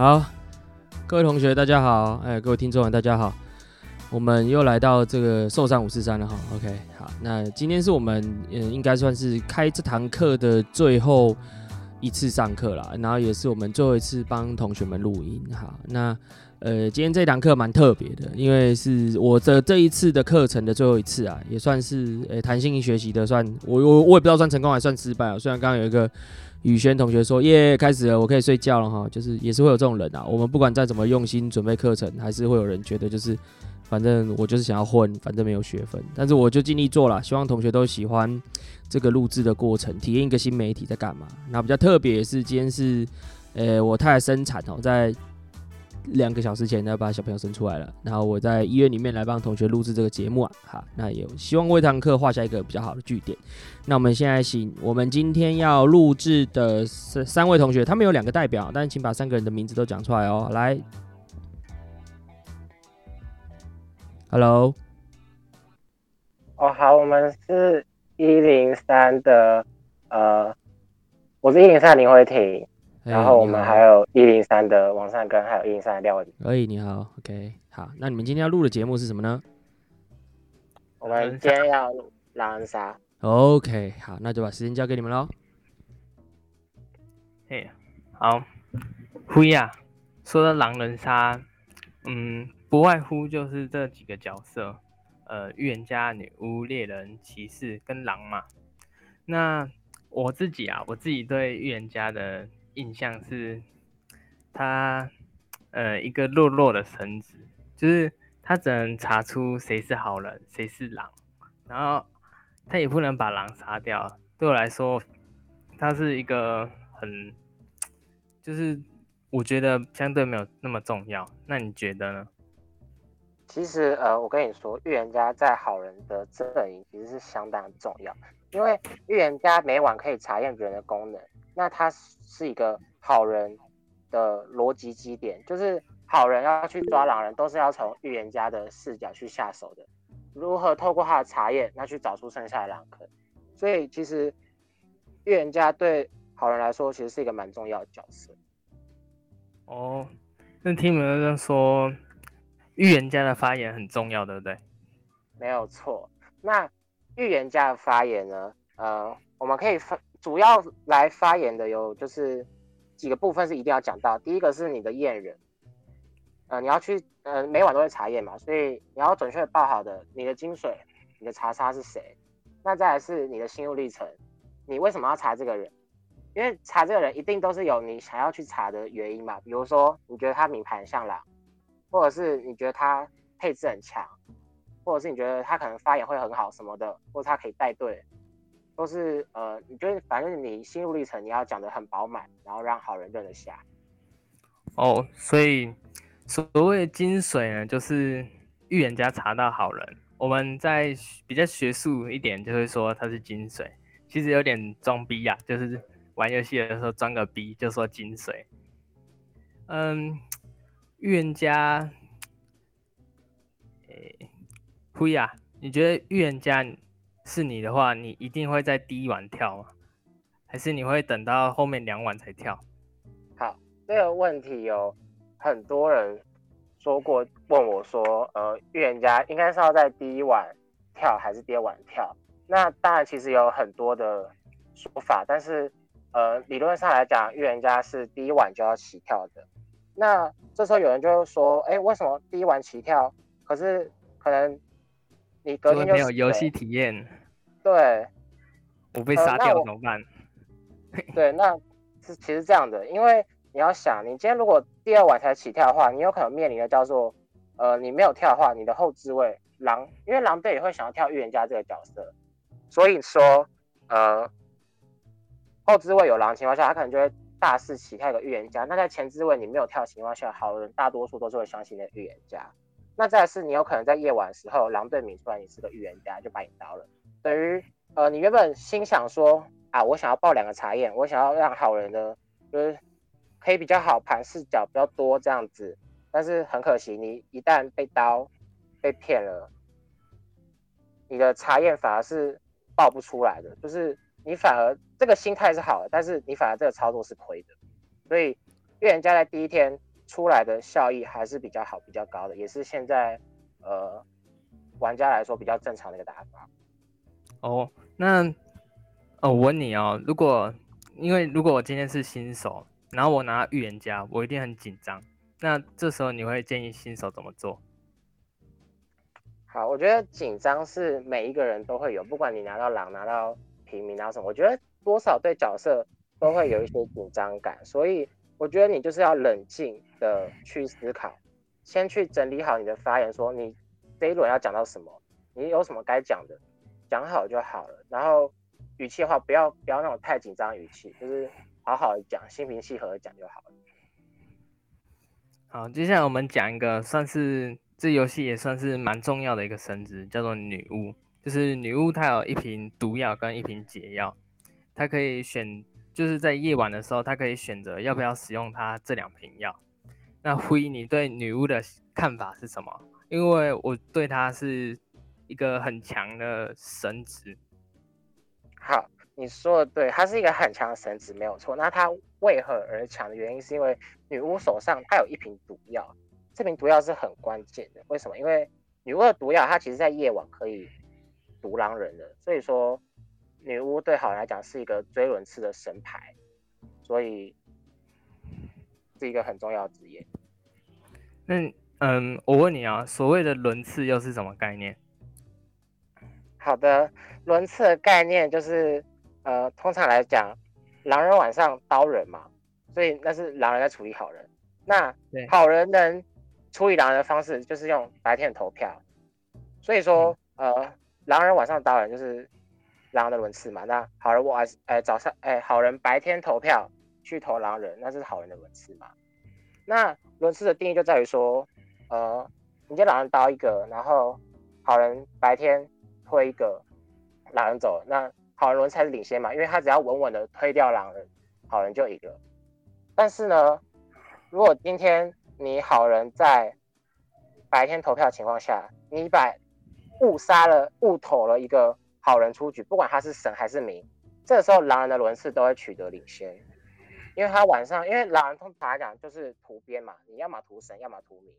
好，各位同學大家好，哎，各位聽眾大家好，我們又來到這個壽山五四三了哈。OK，好，那今天是我們嗯，應該算是開這堂課的最後一次上課了，然後也是我們最後一次幫同學們錄音哈。那呃，今天這堂課蠻特別的，因為是我的這一次的課程的最後一次啊，也算是呃、欸、彈性學習的算，算我我我也不知道算成功還算失敗啊，喔，雖然剛剛有一個。雨軒同學說：“耶，開始了，我可以睡覺了哈。就是也是會有這種人啊。我們不管再怎麼用心準備課程，還是會有人覺得就是，反正我就是想要混，反正沒有學分。但是我就盡力做啦，希望同學都喜歡這個錄制的過程，體驗一個新媒體在幹嘛。那比較特別的是，今天是，呃，我太太生產哦，在。”兩個小時前呢，把小朋友生出來了。然後我在醫院裡面來幫同學錄製這個節目啊，哈，那也希望為堂課畫下一個比較好的句點。那我們現在請，我們今天要錄製的三三位同學，他們有兩個代表，但是請把三個人的名字都講出來哦。來，Hello，哦，好，oh, 我們是一零三的，呃，我是一零三林慧婷。然後我們還有一零三的王善根，還有一零三的廖文。哎，你好，你好，OK，好。那你們今天要錄的節目是什麼呢？人殺？我們今天要錄狼人殺。OK，好，那就把時間交給你們嘍。嘿，hey, 好。灰呀。說到狼人殺，嗯，不外乎就是這幾個角色，呃，預言家、女巫、獵人、騎士跟狼嘛。那我自己啊，我自己對預言家的。印象是，他，呃，一個弱弱的神職，就是他只能查出誰是好人，誰是狼，然後他也不能把狼殺掉。對我來說，他是一個很，就是我覺得相對沒有那麼重要。那你覺得呢？其實，呃，我跟你說，預言家在好人的陣營其實是相當重要，因為預言家每晚可以查驗別人的功能。那他是一個好人的邏輯基點，就是好人要去抓狼人，都是要從預言家的視角去下手的。如何透過他的查驗，那去找出剩下的狼坑。所以其實預言家對好人來說，其實是一個蠻重要的角色。哦，那聽你們說，預言家的發言很重要，對不對？沒有錯。那預言家的發言呢？呃，我們可以發主要來發言的有就是幾個部分是一定要講到，第一個是你的驗人，呃，你要去呃每晚都會查驗嘛，所以你要準確報好的你的金水，你的查殺是誰，那再來是你的心路歷程，你為什麼要查這個人？因為查這個人一定都是有你想要去查的原因嘛，比如說你覺得他名牌很像狼，或者是你覺得他配置很強，或者是你覺得他可能發言會很好什麼的，或者他可以帶隊。都是呃，你覺得反正你心路歷程你要講得很飽滿，然後讓好人認得下。哦，oh, 所以所謂的金水呢，就是預言家查到好人。我們在比較學術一點，就會說他是金水。其實有點裝逼啊，就是玩遊戲的時候裝個逼，就說金水。嗯，預言家，誒、欸，灰啊，你覺得預言家，是你的話，你一定會在第一晚跳嗎？還是你會等到後面兩晚才跳？好，這個問題有很多人說過，問我說，呃，預言家應該是要在第一晚跳還是第二晚跳？那當然，其實有很多的說法，但是呃，理論上來講，預言家是第一晚就要起跳的。那這時候有人就會說，誒，為什麼第一晚起跳？可是可能你隔天就沒，沒有遊戲體驗。對，我被殺掉怎麼辦？呃，對，那是其實這樣的，因為你要想，你今天如果第二晚才起跳的話，你有可能面臨的叫做，呃，你沒有跳的話，你的後置位狼，因為狼隊也會想要跳預言家這個角色，所以說，呃，後置位有狼情況下，他可能就會大肆起跳一個預言家。那在前置位你沒有跳的情況下，好人大多數都是會相信你的預言家。那再來是，你有可能在夜晚的時候，狼隊抿出來，你是個預言家，就把你刀了。等於呃，你原本心想說啊，我想要爆兩個查驗，我想要讓好人呢，就是可以比較好盤視角比較多這樣子。但是很可惜，你一旦被刀被騙了，你的查驗反而是爆不出來的。就是你反而這個心態是好的，但是你反而這個操作是虧的。所以預言家在第一天出來的效益還是比較好，比較高的，也是現在呃玩家來說比較正常的一個打法。哦，那哦，我問你哦，如果因為如果我今天是新手，然後我拿預言家，我一定很緊張。那這時候你會建議新手怎麼做？好，我覺得緊張是每一個人都會有，不管你拿到狼、拿到平民、拿到什麼，我覺得多少對角色都會有一些緊張感。所以我覺得你就是要冷靜的去思考，先去整理好你的發言，說你這一輪要講到什麼，你有什麼該講的。講好就好了，然後語氣的話，不要不要那種太緊張語氣，就是好好講，心平氣和的講就好了。好，接下來我們講一個算是這遊戲也算是蠻重要的一個神職，叫做女巫。就是女巫她有一瓶毒藥跟一瓶解藥，她可以選，就是在夜晚的時候，她可以選擇要不要使用她這兩瓶藥。那灰你對女巫的看法是什麼？因為我對她是。一個很強的神職。好，你說的對，他是一個很強的神職，沒有錯。那他為何而強的原因，是因為女巫手上她有一瓶毒藥，這瓶毒藥是很關鍵的。為什麼？因為女巫的毒藥，它其實在夜晚可以毒狼人的，所以說女巫對好人來講是一個追輪次的神牌，所以是一個很重要的職業。那嗯、嗯，我問你啊，所謂的輪次又是什麼概念？好的，輪次的概念就是，呃，通常來講，狼人晚上刀人嘛，所以那是狼人在處理好人。那對好人能處理狼人的方式就是用白天投票。所以說，嗯、呃，狼人晚上刀人就是狼的輪次嘛。那好人我哎、欸、早上哎、欸、好人白天投票去投狼人，那是好人的輪次嘛。那輪次的定義就在於說，呃，你就狼人刀一個，然後好人白天。推一個狼人走，那好人輪才是領先嘛，因為他只要穩穩的推掉狼人，好人就贏了。但是呢，如果今天你好人在白天投票情況下，你把誤殺了，誤投了一個好人出局，不管他是神還是民，這個時候狼人的輪次都會取得領先，因為他晚上，因為狼人通常來講就是屠邊嘛，你要麼屠神，要麼屠民，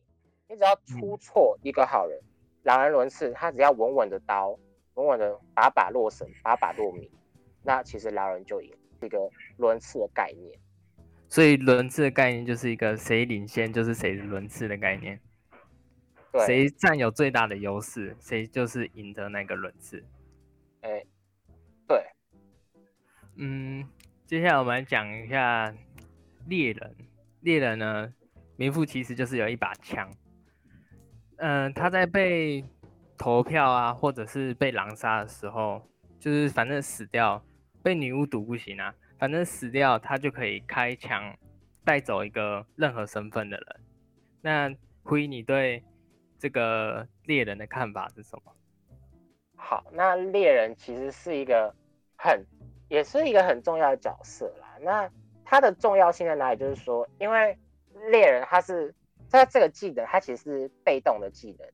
你只要出錯一個好人。嗯狼人輪次，他只要穩穩的刀，穩穩的把把落神，把把落民，那其實狼人就贏，這個輪次的概念，所以輪次的概念就是一個誰領先就是誰輪次的概念，對，誰佔有最大的優勢，誰就是贏得那個輪次。哎、欸，對，嗯，接下來我們來講一下獵人，獵人呢，名副其實就是有一把槍。嗯、呃，他在被投票啊，或者是被狼殺的時候，就是反正死掉，被女巫毒不行啊，反正死掉，他就可以開槍帶走一個任何身份的人。那胡你對這個獵人的看法是什麼？好，那獵人其實是一個很，也是一個很重要的角色啦。那他的重要性在哪裡？就是說，因為獵人他是。他這個技能，他其實是被動的技能，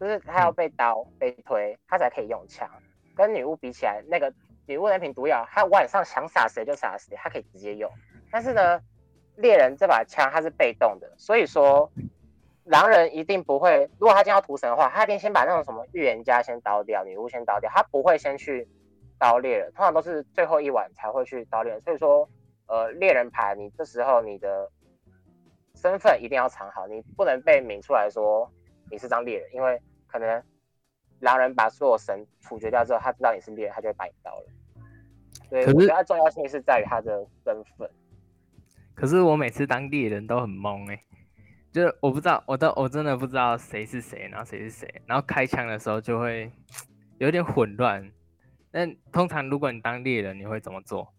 就是他要被刀被推，他才可以用槍。跟女巫比起來，那個女巫那瓶毒藥，他晚上想殺誰就殺誰，他可以直接用。但是呢，獵人這把槍他是被動的，所以說狼人一定不會，如果他今天要屠神的話，他一定先把那種什麼預言家先刀掉，女巫先刀掉，他不會先去刀獵人，通常都是最後一晚才會去刀獵人。所以說，呃，獵人牌你這時候你的。身份一定要藏好，你不能被明出來說你是張獵人，因為可能狼人把所有神處決掉之後，他知道你是獵人，他就會把你刀了。對是，所以主要重要性是在於他的身份。可是我每次當獵人都很懵哎、欸，就是我不知道，我都我真的不知道誰是誰，然後誰是誰，然後開槍的時候就會有點混亂。那通常如果你當獵人，你會怎麼做？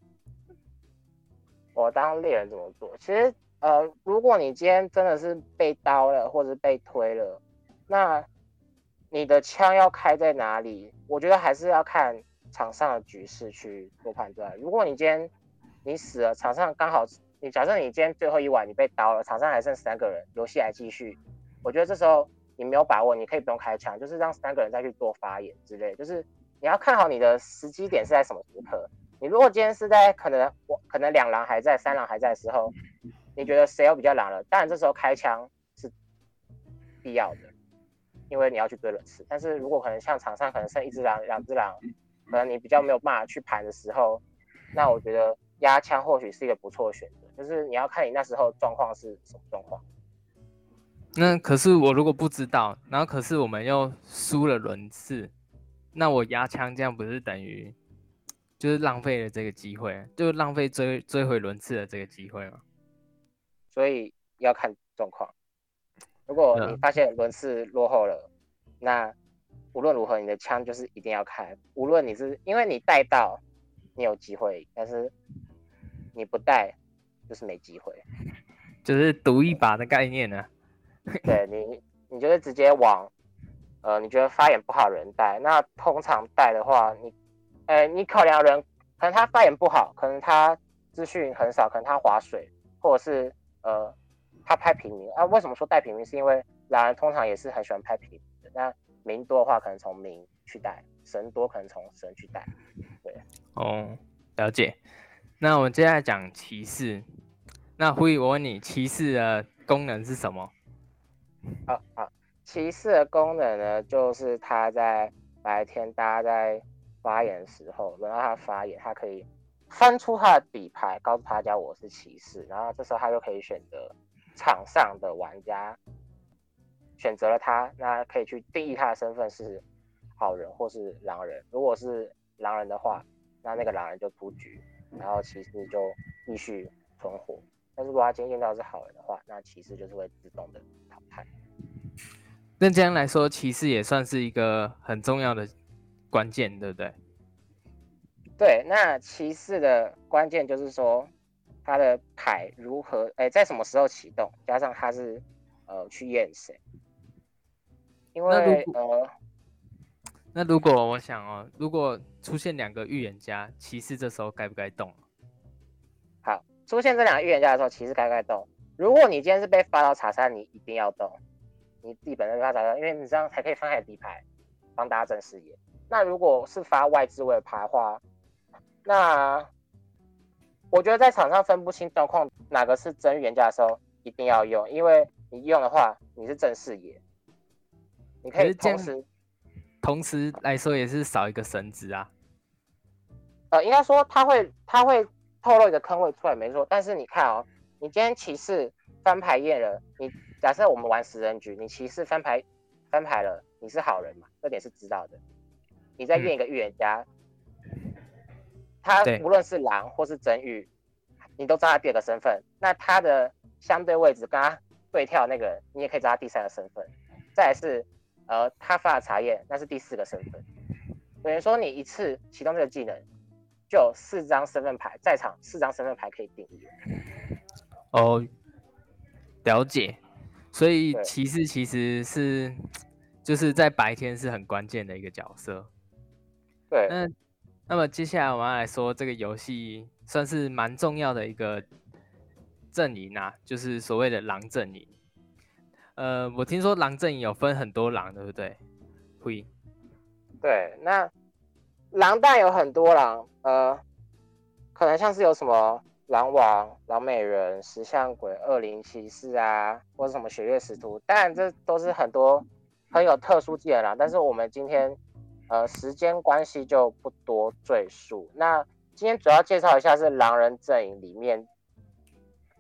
我當獵人怎麼做？其實。呃，如果你今天真的是被刀了或者是被推了，那你的槍要開在哪裡？我覺得還是要看場上的局勢去做判斷。如果你今天你死了，場上剛好你假設你今天最後一晚你被刀了，場上還剩三個人，遊戲還繼續，我覺得這時候你沒有把握，你可以不用開槍，就是讓三個人再去做發言之類。就是你要看好你的時機點是在什麼時刻。你如果今天是在可能我可能兩狼還在三狼還在的時候。你覺得誰又比較狼了？當然，這時候開槍是必要的，因為你要去追輪次。但是如果可能像場上可能剩一隻狼，兩隻狼，可能你比較沒有辦法去盤的時候，那我覺得壓槍或許是一個不錯的選擇。就是你要看你那時候狀況是什麼狀況。那可是我如果不知道，然後可是我們又輸了輪次，那我壓槍這樣不是等於就是浪費了這個機會，就浪費追追回輪次的這個機會嗎？所以要看狀況。如果你發現輪次落後了，嗯、那無論如何你的槍就是一定要開。無論你是因為你帶到，你有機會；但是你不帶，就是沒機會。就是賭一把的概念呢？啊？對你，你就是直接往，呃，你覺得發言不好的人帶。那通常帶的話，你呃、欸，你考量人，可能他發言不好，可能他資訊很少，可能他划水，或者是。呃，他拍平民啊？為什麼說帶平民？是因為狼人通常也是很喜歡拍平民的。那民多的話，可能從民去帶；神多，可能從神去帶。對，哦，了解。那我們接下來講騎士。那胡宇，我問你，騎士的功能是什麼？好好、啊，啊、騎士的功能呢，就是他在白天大家在發言的時候，輪到他發言，他可以。翻出他的底牌，告訴大家我是騎士，然後這時候他就可以選擇場上的玩家，選擇了他，那他可以去定義他的身份是好人或是狼人。如果是狼人的話，那那個狼人就出局，然後騎士就繼續存活。但如果他今天驗到是好人的話，那騎士就是會自動的淘汰。那這樣來說，騎士也算是一個很重要的關鍵，對不對？對，那騎士的關鍵就是說，他的牌如何，欸、在什麼時候啟動，加上他是，呃，去驗誰。因為呃，那如果我想哦，如果出現兩個預言家，騎士這時候該不該動？好，出現這兩個預言家的時候，騎士該不該動？如果你今天是被發到查殺，你一定要動，你自己本身發查殺，因為你這樣才可以放開底牌，幫大家增視野。那如果是發外置位的牌的話。那我覺得在場上分不清狀況哪個是真預言家的時候，一定要用，因為你用的話，你是正視野，你可以同時同時來說也是少一個神職啊。呃，應該說他會他會透露一個坑位出來沒錯，但是你看哦，你今天騎士翻牌驗了，你假設我們玩十人局，你騎士翻牌翻牌了，你是好人嘛，這點是知道的，你再驗一個預言家。嗯他無論是狼或是真預，對你都知道他第二個身份，那他的相對位置跟他對跳的那個你也可以知道他第三個身份。再是，呃，他發的查驗，那是第四個身份。等於說，你一次啟動這個技能，就有四張身份牌在場，四張身份牌可以定義。哦，了解。所以其實對其實是就是在白天是很關鍵的一個角色。對，嗯。那麼接下來我們要來說這個遊戲算是蠻重要的一個陣營呢，就是所謂的狼陣營。呃，我聽說狼陣營有分很多狼，對不對？對，那狼蛋有很多狼，呃，可能像是有什麼狼王、狼美人、石像鬼、惡靈騎士啊，或者什麼血月使徒。當然，這都是很多很有特殊技能啊。但是我們今天。呃，時間關係就不多贅述。那今天主要介紹一下是狼人陣營裡面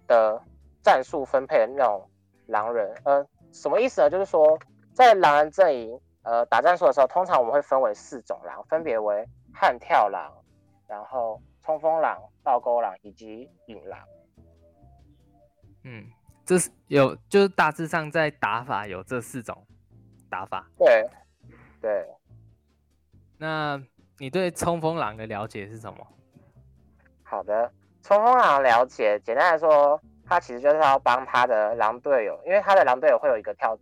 的戰術分配的那種狼人。呃，什麼意思呢？就是說在狼人陣營呃打戰術的時候，通常我們會分為四種狼，分別為悍跳狼、然後衝鋒狼、倒鈎狼以及隱狼。嗯，這是有就是大致上在打法有這四種打法。對，對。那你對衝鋒狼的了解是什麼？好的，衝鋒狼的了解，簡單來說，他其實就是要幫他的狼隊友，因為他的狼隊友會有一個跳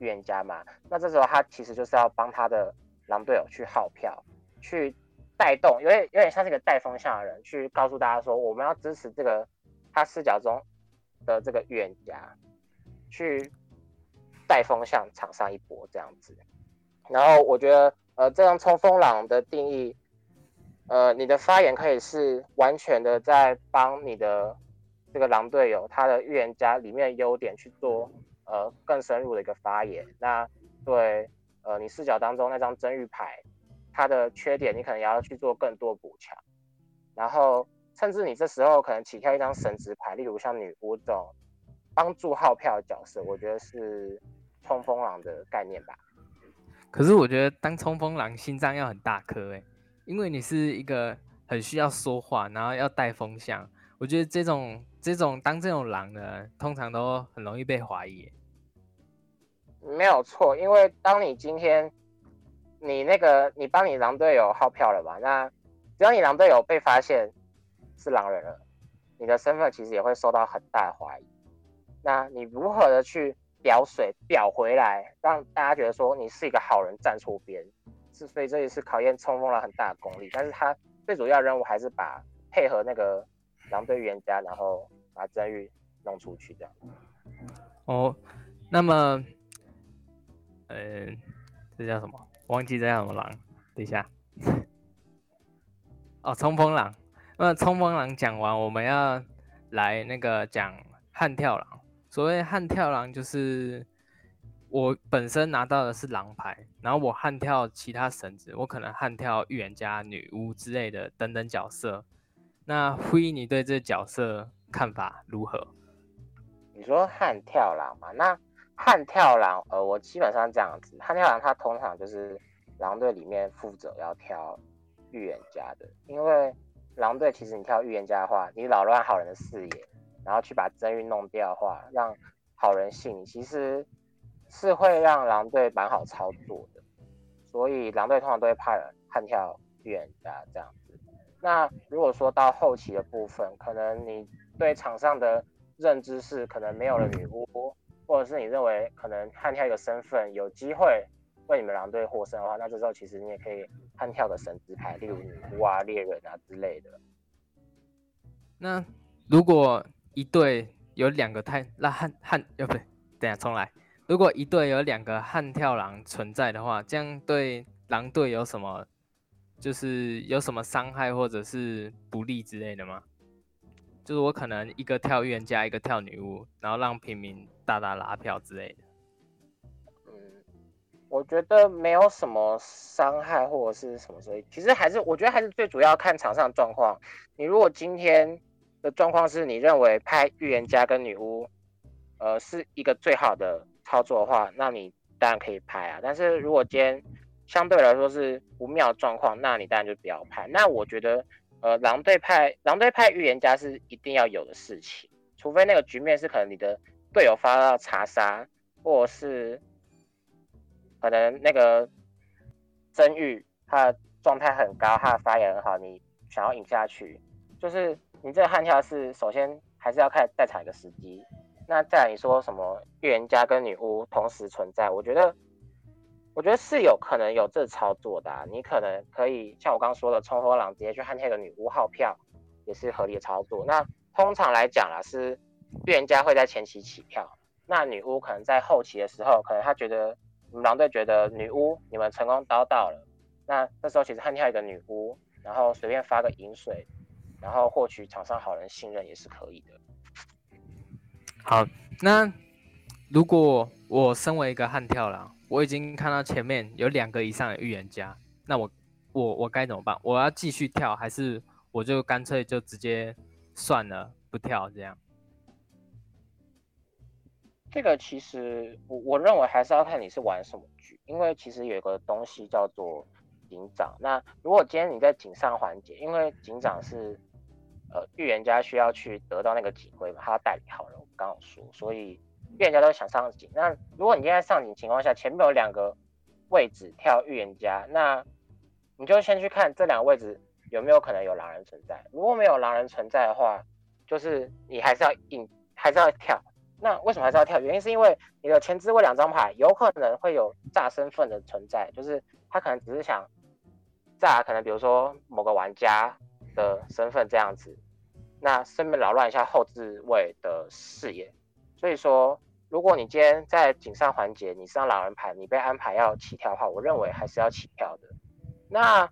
預言家嘛，那這時候他其實就是要幫他的狼隊友去耗票，去帶動，有點有點像這個帶風向的人，去告訴大家說，我們要支持這個他視角中的這個預言家，去帶風向場上一波這樣子，然後我覺得。呃，這張衝鋒狼的定義，呃，你的發言可以是完全的在幫你的這個狼隊友，他的預言家裡面的優點去做，呃，更深入的一個發言。那對，呃，你視角當中那張真預牌，它的缺點你可能也要去做更多補強。然後，甚至你這時候可能起跳一張神職牌，例如像女巫這種幫助號票的角色，我覺得是衝鋒狼的概念吧。可是我覺得當衝鋒狼心臟要很大顆誒，因為你是一個很需要說話，然後要帶風向，我覺得這種這種當這種狼呢，通常都很容易被懷疑。沒有錯，因為當你今天你那個你幫你狼隊友號票了吧？那只要你狼隊友被發現是狼人了，你的身份其實也會受到很大的懷疑。那你如何的去？表水表回來，讓大家覺得說你是一個好人站錯邊，是。所以這也是考驗衝鋒狼很大的功力，但是他最主要任務還是把配合那個狼隊預言家，然後把真預弄出去的。哦，那麼，嗯、欸、這叫什麼？忘記這叫什麼狼？等一下。哦，衝鋒狼。那衝鋒狼講完，我們要來那個講悍跳狼。所謂悍跳狼就是我本身拿到的是狼牌，然後我悍跳其他神職，我可能悍跳預言家、女巫之類的等等角色。那輝，你對這個角色看法如何？你說悍跳狼嘛？那悍跳狼，呃，我基本上這樣子，悍跳狼他通常就是狼隊裡面負責要跳預言家的，因為狼隊其實你跳預言家的話，你擾亂好人的視野。然後去把真預弄掉的話，讓好人信，其實是會讓狼隊蠻好操作的。所以狼隊通常都會派悍跳預言家這樣子。那如果說到後期的部分，可能你對場上的認知是可能沒有了女巫，或者是你認為可能悍跳一個身份有機會為你們狼隊獲勝的話，那這時候其實你也可以悍跳個神職牌，例如女巫啊、獵人啊之類的。那如果。一隊有兩個太讓漢漢，要不對，等下重來。如果一隊有兩個悍跳狼存在的話，這樣對狼隊有什麼，就是有什麼傷害或者是不利之類的嗎？就是我可能一個跳預言家，一個跳女巫，然後讓平民大大拉票之類的。嗯，我覺得沒有什麼傷害或者是什麼，所以其實還是我覺得還是最主要看場上的狀況。你如果今天。的狀況是你認為派預言家跟女巫，呃，是一個最好的操作的話，那你當然可以派啊。但是如果今天相對來說是不妙狀況，那你當然就不要派。那我覺得，呃，狼隊派狼隊派預言家是一定要有的事情，除非那個局面是可能你的隊友發到查殺，或者是可能那個真預他狀態很高，他的發言很好，你想要贏下去，就是。你這個悍跳是首先還是要看在場的時機，那再來你說什麼預言家跟女巫同時存在，我覺得我覺得是有可能有這操作的、啊，你可能可以像我剛剛說的，衝鋒狼直接去悍跳一個女巫號票也是合理的操作。那通常來講啦，是預言家會在前期起票，那女巫可能在後期的時候，可能他覺得你們狼隊覺得女巫你們成功刀到了，那這時候其實悍跳一個女巫，然後隨便發個銀水，然後獲取場上好人信任也是可以的。好，那如果我身為一個悍跳狼，我已經看到前面有兩個以上的預言家，那我我我該怎麼辦？我要繼續跳，還是我就乾脆就直接算了不跳這樣？這個其實我我認為還是要看你是玩什麼局，因為其實有一個東西叫做警長。那如果今天你在警上環節，因為警長是呃，預言家需要去得到那個警徽，他要代理好人，我剛剛說，所以預言家都想上警。那如果你現在上警情況下，前面有兩個位置跳預言家，那你就先去看這兩個位置有沒有可能有狼人存在。如果沒有狼人存在的話，就是你還是要硬，還是要跳。那為什麼還是要跳？原因是因為你的前置位兩張牌有可能會有詐身份的存在，就是他可能只是想詐，可能比如說某個玩家的身份這樣子。那順便擾亂一下後置位的視野，所以說，如果你今天在警上環節，你是張狼人牌，你被安排要起跳的話，我認為還是要起跳的。那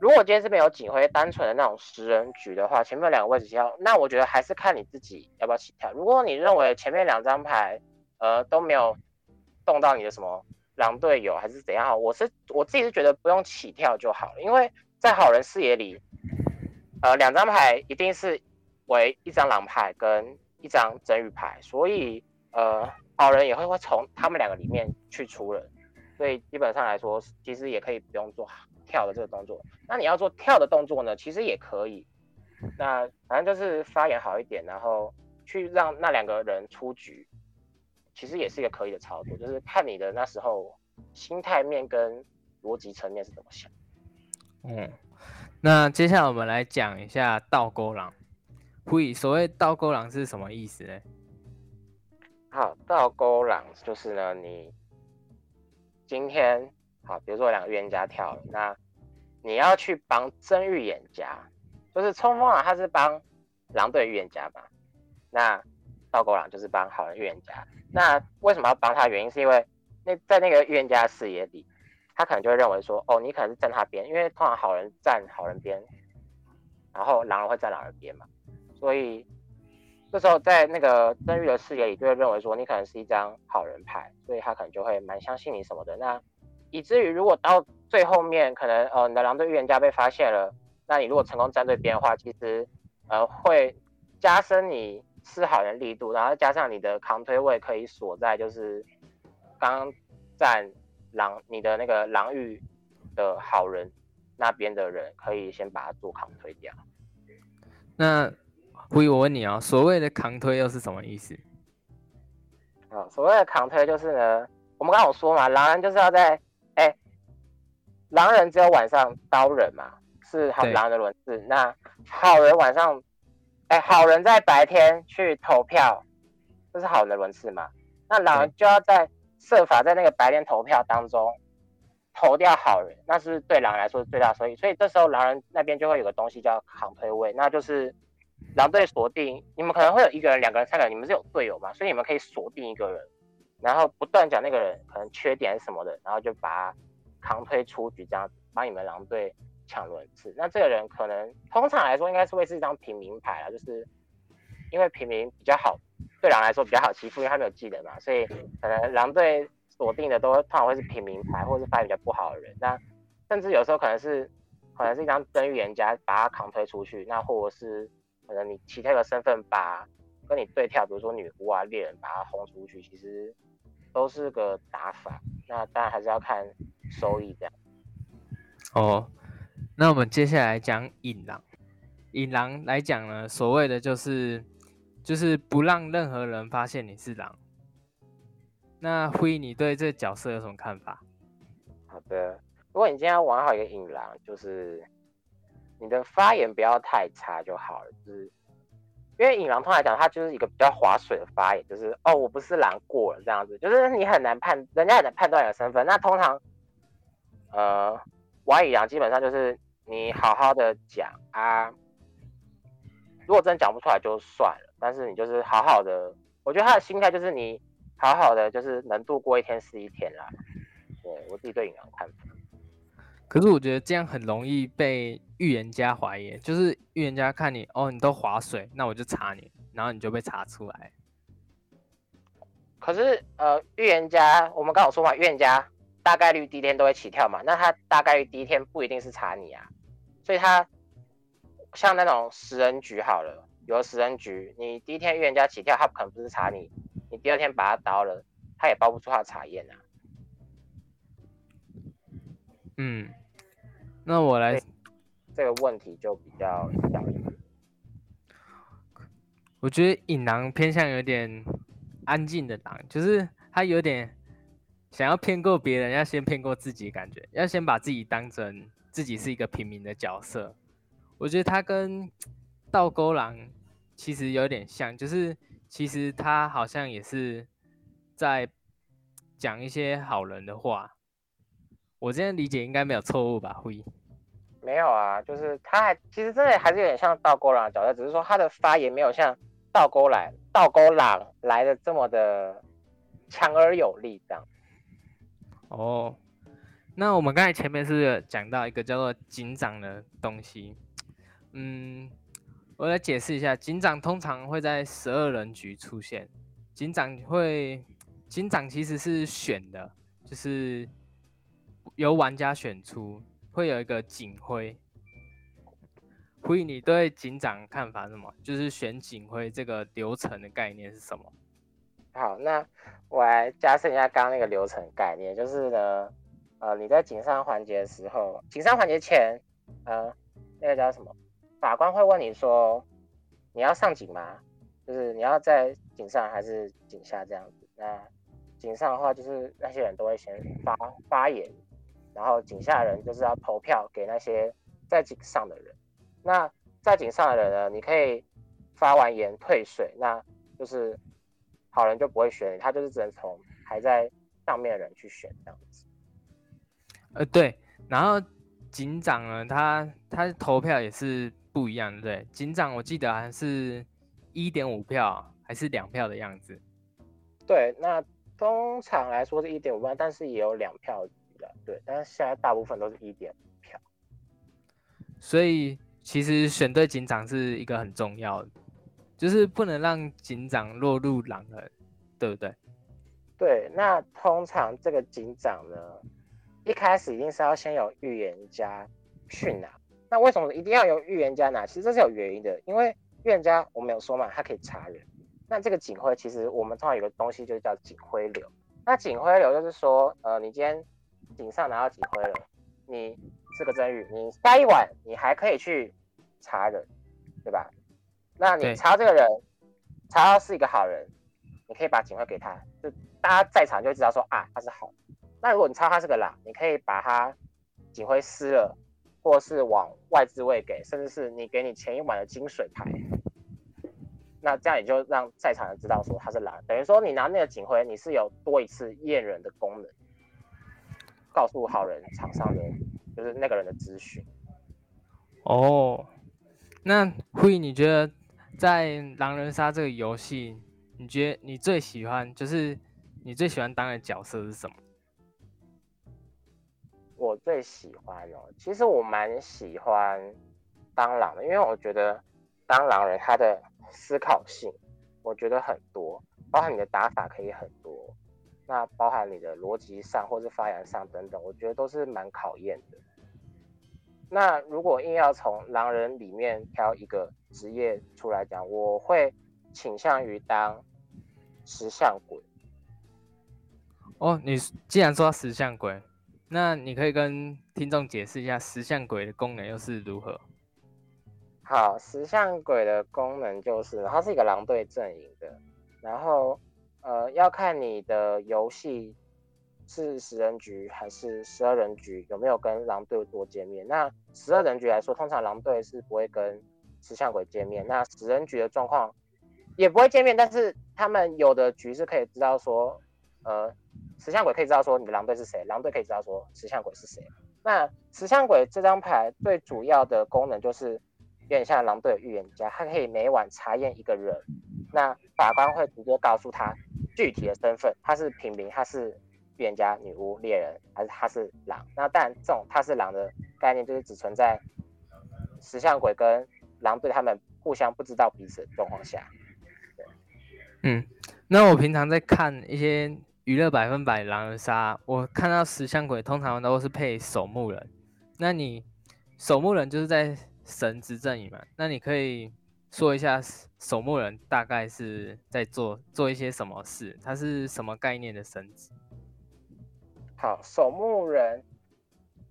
如果今天這邊有警徽單純的那種十人局的話，前面兩個位置要，那我覺得還是看你自己要不要起跳。如果你認為前面兩張牌，呃，都沒有動到你的什麼狼隊友還是怎樣，我是我自己是覺得不用起跳就好了，因為在好人視野裡。呃，兩張牌一定是為一張狼牌跟一張真預牌，所以呃，好人也會會從他們兩個裡面去出人，所以基本上來說，其實也可以不用做跳的這個動作。那你要做跳的動作呢，其實也可以。那反正就是發言好一點，然後去讓那兩個人出局，其實也是一個可以的操作，就是看你的那時候心態面跟邏輯層面是怎麼想。嗯。那接下來我們來講一下倒鈎狼所所謂倒鈎狼是什麼意思呢？好，倒鈎狼就是呢，你今天好，比如說兩個預言家跳了，那你要去幫真預言家，就是衝鋒狼他是幫狼隊預言家嘛，那倒鈎狼就是幫好人預言家。那為什麼要幫他？原因是因為那在那個預言家視野裡。他可能就會認為說，哦，你可能是站他邊，因為通常好人站好人邊，然後狼人會站狼人邊嘛，所以這時候在那個登預的視野裡就會認為說，你可能是一張好人牌，所以他可能就會蠻相信你什麼的。那以至於如果到最後面，可能哦，呃，你的狼隊預言家被發現了，那你如果成功站對邊的話，其實呃會加深你是好人力度，然後加上你的扛推位可以鎖在就是剛站狼，你的那個狼域的好人那邊的人，可以先把他做扛推掉。那輝，我問你啊、哦，所謂的扛推又是什麼意思？啊、哦，所謂的扛推就是呢，我們剛剛有說嘛，狼人就是要在，哎，狼人只有晚上刀人嘛，是好狼人的輪次。對那好人晚上，哎，好人在白天去投票，這，就是好人的輪次嘛？那狼人就要在。設法在那個白天投票當中投掉好人，那是，是對狼人來說是最大收益。所以這時候狼人那邊就會有個東西叫扛推位，那就是狼隊鎖定。你們可能會有一個人、兩個人、三個人，你們是有隊友嘛，所以你們可以鎖定一個人，然後不斷講那個人可能缺點什麼的，然後就把他扛推出局，這樣幫你們狼隊搶輪次。那這個人可能通常來說應該是會是一張平民牌啊，就是因為平民比較好。對狼來說比較好欺負，因為他沒有技能嘛，所以可能狼隊鎖定的都會通常會是平民牌或者是發言比較不好的人，那甚至有時候可能是可能是一張真預言家把他扛推出去，那或者是可能你其他一個身份把跟你對跳，比如說女巫啊、獵人把他轟出去，其實都是個打法，那當然還是要看收益這樣。哦，那我們接下來講隱狼，隱狼來講呢，所謂的就是。就是不讓任何人發現你是狼。那輝，你對這角色有什麼看法？好的，如果你今天要玩好一個隱狼，就是你的發言不要太差就好了。就是因為隱狼通常來講，它就是一個比較划水的發言，就是哦，我不是狼過了這樣子，就是你很難判，人家很難判斷你的身份。那通常，呃，玩隱狼基本上就是你好好的講啊，如果真的講不出來就算了。但是你就是好好的，我覺得他的心態就是你好好的，就是能度過一天是一天啦。對，我自己對隱陽看法。可是我覺得這樣很容易被預言家懷疑，就是預言家看你哦，你都划水，那我就查你，然後你就被查出來。可是呃，預言家我們剛好說嘛，預言家大概率第一天都會起跳嘛，那他大概率第一天不一定是查你啊，所以他像那種十人局好了。有十人局，你第一天預言家起跳，他不可能不是查你，你第二天把他刀了，他也報不出他的查驗啊。嗯，那我來，這個問題就比較像，我覺得隱狼偏向有點安靜的狼，就是他有點想要騙過別人，要先騙過自己，感覺要先把自己當成自己是一個平民的角色。我覺得他跟倒鈎狼。其實有點像，就是其實他好像也是在講一些好人的話。我這邊理解應該沒有錯誤吧？會沒有啊，就是他還其實真的還是有點像倒鈎狼的角色，只是說他的發言沒有像倒鈎來倒鈎狼來的這麼的強而有力這樣。哦，那我們剛才前面是，是講到一個叫做警長的東西，嗯。我來解釋一下，警長通常會在十二人局出現。警長會，警長其實是選的，就是由玩家選出。會有一個警徽，所以你對警長看法是什麼？就是選警徽這個流程的概念是什麼？好，那我來加深一下剛剛那個流程概念，就是呢，呃，你在警上環節的時候，警上環節前，呃，那個叫什麼？法官會問你說：“你要上警嗎？就是你要在警上還是警下這樣子？那警上的話，就是那些人都會先發發言，然後警下的人就是要投票給那些在警上的人。那在警上的人呢，你可以發完言退水，那就是好人就不會選，他就是只能從還在上面的人去選這樣子。呃，對，然後警長呢，他他投票也是。”不一樣，對警長，我記得好像是，一點五票還是兩票，票的樣子。對，那通常來說是一點五票，但是也有兩票的，對。但是現在大部分都是一點五票。所以其實選對警長是一個很重要的，就是不能讓警長落入狼人，對不對？對，那通常這個警長呢，一開始一定是要先有預言家去拿。那為什麼一定要由預言家拿？其實這是有原因的，因為預言家我沒有說嘛，他可以查人。那這個警徽其實我們通常有個東西就叫警徽流。那警徽流就是說，呃，你今天警上拿到警徽了，你是個真預，你待一晚，你還可以去查人，對吧？那你查到這個人，對查到是一個好人，你可以把警徽給他，就大家在場就知道說啊他是好。那如果你查他是個狼，你可以把他警徽撕了。或是往外置位給，甚至是你給你前一晚的金水牌，那這樣也就讓在場人知道說他是狼，等於說你拿那個警徽，你是有多一次驗人的功能，告訴好人場上面，就是那個人的資訊。哦，oh, 那輝你覺得在狼人殺這個遊戲，你覺得你最喜歡，就是你最喜歡當的角色是什麼？我最喜歡哦，其實我蠻喜歡當狼的，因為我覺得當狼人他的思考性，我覺得很多，包含你的打法可以很多，那包含你的邏輯上或是發言上等等，我覺得都是蠻考驗的。那如果硬要從狼人裡面挑一個職業出來講，我會傾向於當石像鬼。哦，你既然說到石像鬼。那你可以跟聽眾解釋一下石像鬼的功能又是如何？好，石像鬼的功能就是它是一個狼隊陣營的，然後呃要看你的遊戲是十人局還是十二人局，有沒有跟狼隊多見面。那十二人局來說，通常狼隊是不會跟石像鬼見面。那十人局的狀況也不會見面，但是他們有的局是可以知道說，呃。石像鬼可以知道說你的狼隊是誰，狼隊可以知道說石像鬼是誰。那石像鬼這張牌最主要的功能就是有點像狼隊的預言家，他可以每晚查驗一個人，那法官會直接告訴他具體的身份，他是平民，他是預言家、女巫、獵人，還是他是狼？那當然，這種他是狼的概念就是只存在石像鬼跟狼隊，他們互相不知道彼此的狀況下。對，嗯，那我平常在看一些。娛樂百分百狼人殺，我看到石像鬼通常都是配守墓人。那你守墓人就是在神職陣營嘛？那你可以說一下守墓人大概是在做做一些什麼事？他是什麼概念的神職？好，守墓人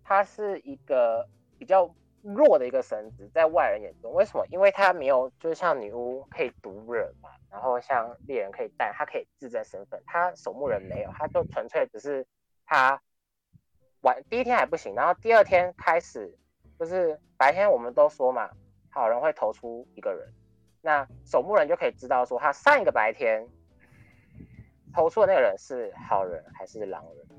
他是一個比較。弱的一個神職，在外人眼中。為什麼？因為他沒有，就是像女巫可以毒人嘛，然後像獵人可以帶，他可以自證身份，他守墓人沒有，他就純粹只是他玩，第一天還不行，然後第二天開始就是白天，我們都說嘛，好人會投出一個人，那守墓人就可以知道說他上一個白天投出的那個人是好人還是狼人。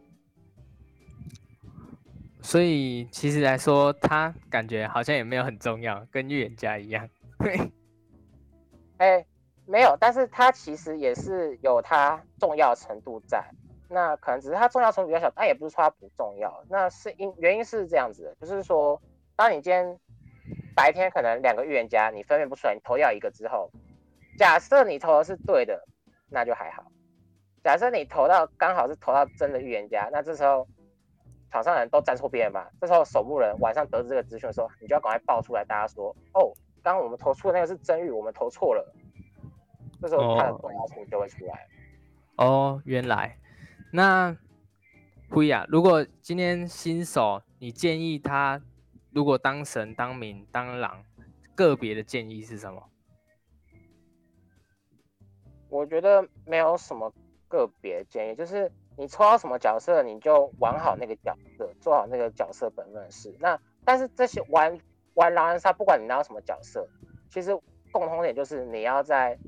所以其實來說，他感覺好像也沒有很重要，跟預言家一樣。哎、 欸，沒有，但是他其實也是有他重要程度在。那可能只是他重要程度比較小，但也不是說他不重要。那是因原因是這樣子的，就是說，當你今天白天可能兩個預言家你分辨不出來，你投掉一個之後，假設你投的是對的，那就還好。假設你投到剛好是投到真的預言家，那這時候。場上人都站錯邊嘛？這時候守墓人晚上得知這個資訊的時候，你就要趕快報出來，大家說：“哦，剛剛我們投出的那個是真玉，我們投錯了。”這時候他的動搖就會出來哦。哦，原來那輝呀、啊，如果今天新手你建議他，如果當神、當民、當狼，個別的建議是什麼？我覺得沒有什麼個別建議，就是。你抽到什麼角色，你就玩好那個角色，做好那個角色本分的事。那但是這些玩玩狼人殺，不管你拿到什麼角色，其實共同點就是你要在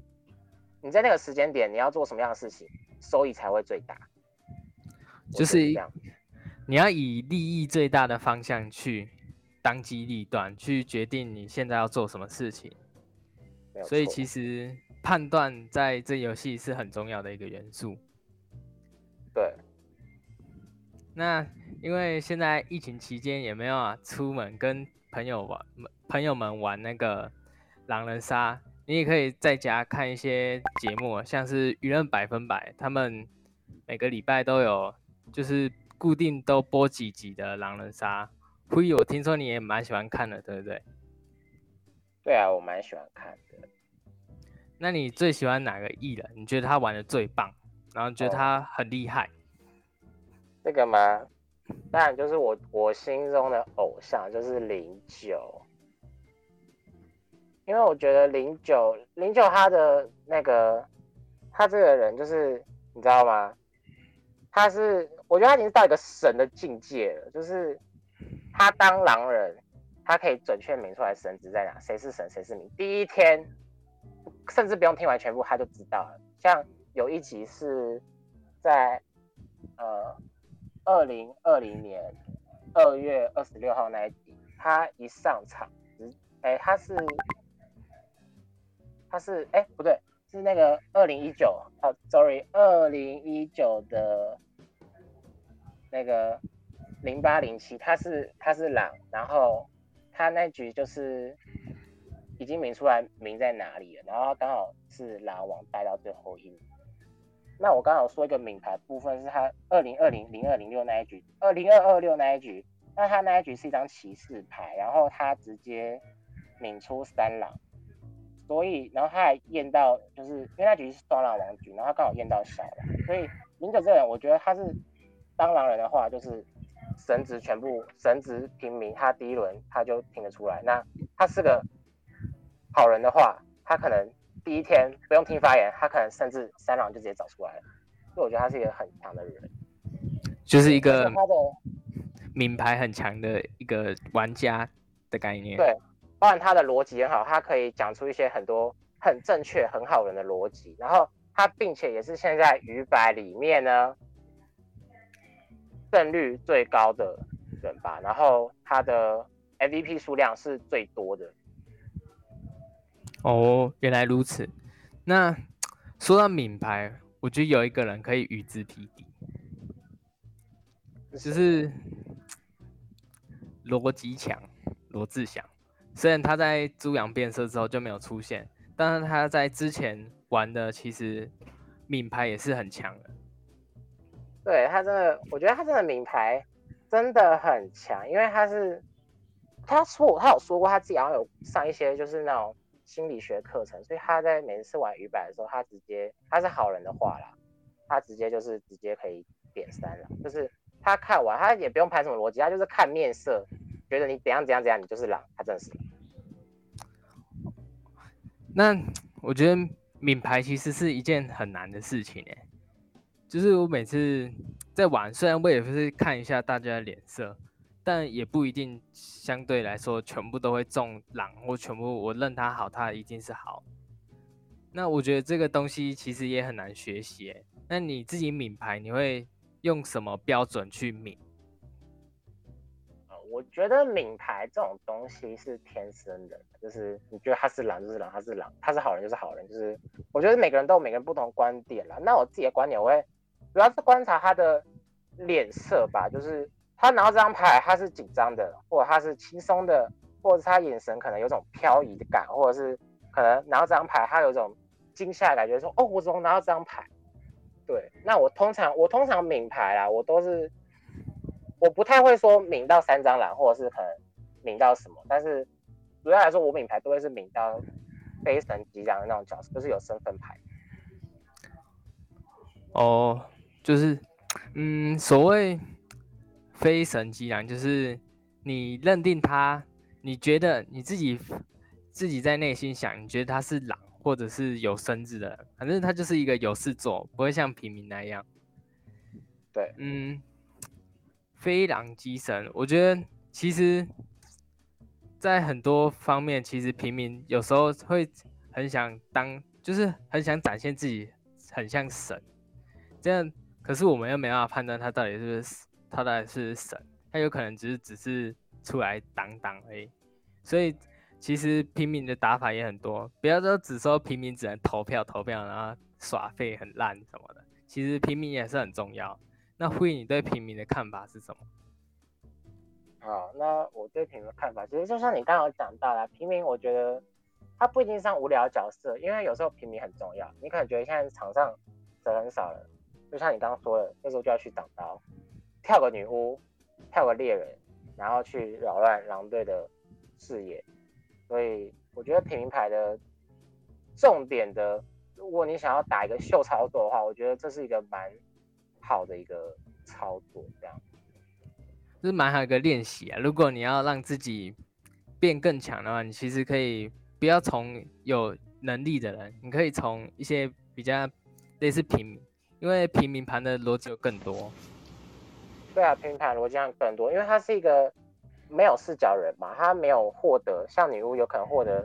你在那個時間點，你要做什麼樣的事情，收益才會最大。就是你要以利益最大的方向去當機立斷，去決定你現在要做什麼事情。所以其實判斷在這遊戲是很重要的一個元素。對，那因為現在疫情期間也沒有啊，出門跟朋友玩，朋友們玩那個狼人殺，你也可以在家看一些節目，像是《娛樂百分百》，他們每個禮拜都有，就是固定都播幾集的狼人殺，會有，我聽說你也蠻喜歡看的，對不對？對啊，我蠻喜歡看的。那你最喜歡哪個藝人？你覺得他玩得最棒？然後覺得他很厲害，這、oh, 個嗎？當然，就是我我心中的偶像就是零九，因為我覺得零九零九他的那個他這個人就是你知道嗎？他是我覺得他已經到一個神的境界了，就是他當狼人，他可以準確明出來神職在哪，誰是神誰是民。第一天甚至不用聽完全部，他就知道了，像。有一集是在呃二零二零年二月二十六號那一集，他一上場，哎、欸，他是他是哎、欸、不對，是那個二零一九哦，Sorry，二零一九的那個零八零七，他是他是狼，然後他那局就是已經明出來明在哪裡了，然後剛好是狼王帶到最後一幕。那我剛好說一個抿牌部分，是他二零二零零二零六那一局，二零二二六那一局，那他那一局是一張騎士牌，然後他直接抿出三狼，所以然後他還驗到，就是因為那局是雙狼王局，然後他剛好驗到小狼，所以零九這個人，我覺得他是當狼人的話，就是神職全部神職平民，他第一輪他就聽得出來。那他是個好人的話，他可能。第一天不用聽發言，他可能甚至三狼就直接找出來了，因為我覺得他是一個很強的人，就是一個名牌很強的一個玩家的概念。對，包含他的邏輯也好，他可以講出一些很多很正確很好的人的邏輯。然後他並且也是現在魚白裡面呢勝率最高的人吧，然後他的 MVP 數量是最多的。哦，原來如此。那說到名牌，我覺得有一個人可以與之匹敵，是誰？就是羅吉強、羅志祥。雖然他在豬羊變色之後就沒有出現，但是他在之前玩的其實名牌也是很強的。對，他真的，我覺得他真的名牌真的很強，因為他是他說他有說過他自己好像有上一些就是那種。心理學課程，所以他在每次玩魚擺的時候，他直接，他是好人的話啦，他直接就是直接可以點三了，就是他看完他也不用排什麼邏輯，他就是看面色，覺得你怎樣怎樣怎樣，你就是狼，他真是。那我覺得抿牌其實是一件很難的事情哎、欸，就是我每次在玩，雖然我也不是看一下大家的臉色。但也不一定，相對來說，全部都會中狼，我全部我認他好，他一定是好。那我覺得這個東西其實也很難學習。那你自己抿牌，你會用什麼標準去抿？我覺得抿牌這種東西是天生的，就是你覺得他是狼就是狼，他是狼，他是好人就是好人，就是我覺得每個人都有每個人不同觀點了。那我自己的觀點，我會主要是觀察他的臉色吧，就是。他拿到這張牌，他是緊張的，或者他是輕鬆的，或者是他眼神可能有種飄移的感，或者是可能拿到這張牌，他有一種驚嚇的感覺，說：“哦，我怎麼拿到這張牌？”對，那我通常，我通常抿牌啦，我都是，我不太會說抿到三張狼，或者是可能抿到什麼，但是主要來說，我抿牌都會是抿到非神級這樣的那種角色，就是有身份牌。哦，就是嗯，所謂。非神即狼，就是你認定他，你覺得你自己自己在內心想，你覺得他是狼，或者是有身子的人，反正他就是一個有事做，不會像平民那樣。對，嗯，非狼即神，我覺得其實，在很多方面，其實平民有時候會很想當，就是很想展現自己，很像神，這樣。可是我們又沒辦法判斷他到底是不是。他當然是神，他有可能只是只是出來擋擋而已，所以其實平民的打法也很多，不要說只說平民只能投票投票，然後耍廢很爛什麼的，其實平民也是很重要。那輝，你對平民的看法是什麼？好，那我對平民的看法，其實就像你剛剛講到啦，平民我覺得他不一定像無聊角色，因為有時候平民很重要，你可能覺得現在場上人很少了，就像你剛剛說的，那時候就要去擋刀。跳個女巫，跳個獵人，然後去擾亂狼隊的視野。所以我覺得平民牌的重點的，如果你想要打一個秀操作的話，我覺得這是一個蠻好的一個操作，這樣子就是蠻好一個練習啊。如果你要讓自己變更強的話，你其實可以不要從有能力的人，你可以從一些比較類似平民，因為平民盤的邏輯有更多。對啊，評判邏輯上更多，因為他是一個沒有視角的人嘛，他沒有獲得像女巫有可能獲得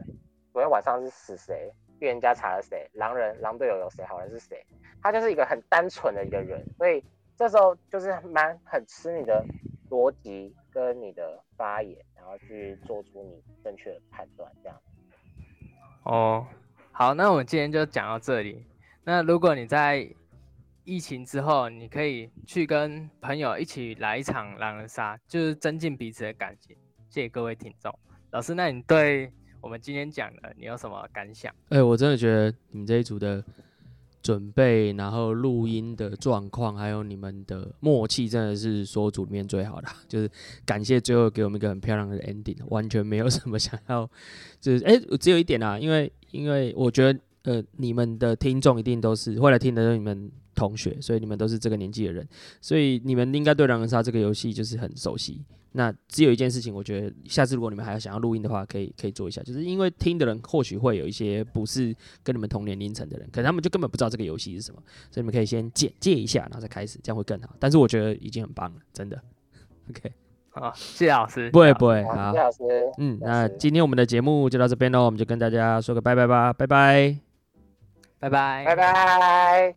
昨天晚上是死誰，預言家查了誰，狼人狼隊友有誰，好人是誰，他就是一個很單純的一個人，所以這時候就是蠻很吃你的邏輯跟你的發言，然後去做出你正確的判斷這樣。哦，好，那我們今天就講到這裡。那如果你在疫情之後，你可以去跟朋友一起來一場狼人殺，就是增進彼此的感情。謝謝各位聽眾，老師，那你對我們今天講的，你有什麼感想？哎、欸，我真的覺得你們這一組的準備，然後錄音的狀況，還有你們的默契，真的是所有組裡面最好的。就是感謝最後給我們一個很漂亮的 ending，完全沒有什麼想要。就是哎、欸，只有一點啦，因為因為我覺得呃，你們的聽眾一定都是後來聽的時候你們。同學，所以你們都是這個年紀的人，所以你們應該對狼人殺這個遊戲就是很熟悉。那只有一件事情，我覺得下次如果你們還要想要錄音的話，可以可以做一下，就是因為聽的人或許會有一些不是跟你們同年齡層的人，可能他們就根本不知道這個遊戲是什麼，所以你們可以先簡介一下，然後再開始，這樣會更好。但是我覺得已經很棒了，真的。OK，好，謝謝老師，不會不會，好，好，謝謝老師，嗯，謝謝老師，那今天我們的節目就到這邊嘍，我們就跟大家說個拜拜吧，拜拜，拜拜，拜拜。